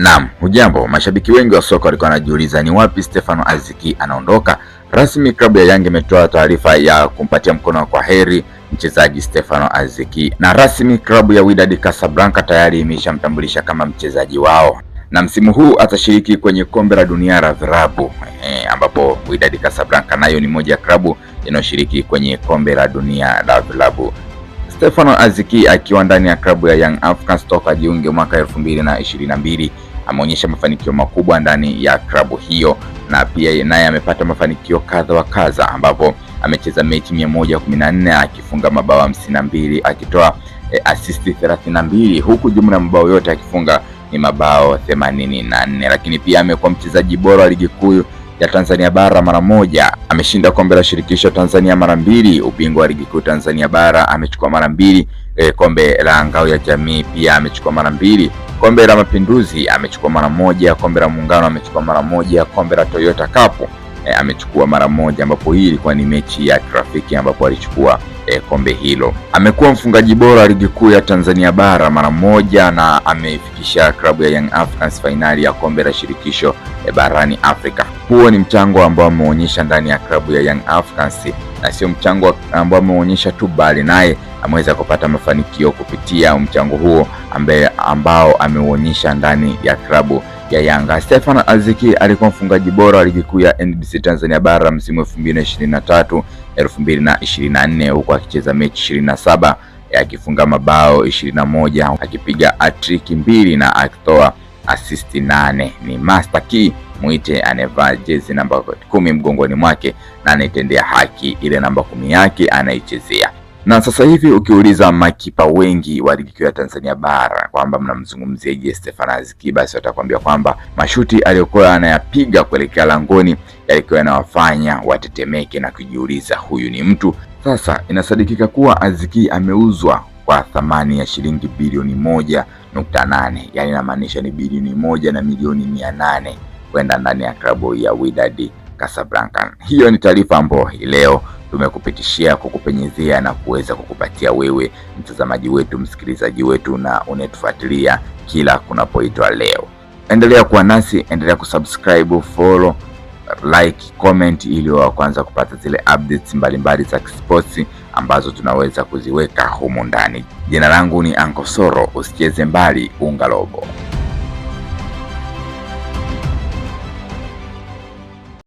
Naam, hujambo. Mashabiki wengi wa soka walikuwa wanajiuliza ni wapi Stefano Aziki anaondoka rasmi. Klabu ya Yanga imetoa taarifa ya kumpatia mkono wa kwaheri mchezaji Stefano Aziki, na rasmi klabu ya Wydad Casablanca tayari imeshamtambulisha kama mchezaji wao, na msimu huu atashiriki kwenye kombe la dunia la vilabu e, eh, ambapo Wydad Casablanca nayo ni moja ya klabu inayoshiriki kwenye kombe la dunia la vilabu. Stefano Aziki akiwa ndani ya klabu ya Young Africans toka jiunge mwaka elfu mbili na ishirini na mbili ameonyesha mafanikio makubwa ndani ya klabu hiyo na pia naye amepata mafanikio kadha wa kadha ambapo amecheza mechi 114 kumi akifunga mabao 52 mbili akitoa e, asisti 32 mbili huku jumla ya mabao yote akifunga ni mabao 84, na nne lakini pia amekuwa mchezaji bora wa ligi kuu ya Tanzania bara mara moja, ameshinda kombe la shirikisho Tanzania mara mbili, ubingwa wa ligi kuu Tanzania bara amechukua mara mbili, e, kombe la ngao ya jamii pia amechukua mara mbili, kombe la Mapinduzi amechukua mara moja, kombe la Muungano amechukua mara moja, kombe la Toyota Cup e, amechukua mara moja, ambapo hii ilikuwa ni mechi ya kirafiki ambapo alichukua e, kombe hilo. Amekuwa mfungaji bora ligi kuu ya Tanzania bara mara moja na amefikisha klabu ya Young Africans fainali ya kombe la shirikisho e, barani Afrika. Huo ni mchango ambao ameonyesha ndani ya klabu ya Young Africans na sio mchango ambao ameonyesha tu, bali naye ameweza kupata mafanikio kupitia mchango huo ambaye ambao ameuonyesha ndani ya klabu ya Yanga. Stefan Aziki alikuwa mfungaji bora wa ligi kuu ya NBC Tanzania bara msimu 2023 2024 huku akicheza mechi 27 akifunga mabao 21 akipiga atriki mbili na akitoa asisti nane. Ni master key mwite anayevaa jezi namba kumi mgongoni mwake na anaitendea haki ile namba kumi yake anaichezea. Na sasa hivi ukiuliza makipa wengi wa ligi kuu ya Tanzania bara kwamba mnamzungumzia je, Stefano Aziki, basi watakwambia kwamba mashuti aliyokuwa anayapiga kuelekea langoni yalikuwa yanawafanya watetemeke na kujiuliza huyu ni mtu. Sasa inasadikika kuwa Aziki ameuzwa kwa thamani ya shilingi bilioni moja nukta nane yaani inamaanisha ni bilioni moja na milioni mia nane kwenda ndani ya klabu ya Wydad Casablanca. Hiyo ni taarifa ambayo hii leo tumekupitishia kukupenyezia na kuweza kukupatia wewe mtazamaji wetu, msikilizaji wetu na unayetufuatilia kila kunapoitwa leo. Endelea kuwa nasi, endelea kusubscribe, follow, like, comment ili wa kwanza kupata zile updates mbalimbali za kisports ambazo tunaweza kuziweka humu ndani. Jina langu ni ankosoro usicheze mbali unga lobo.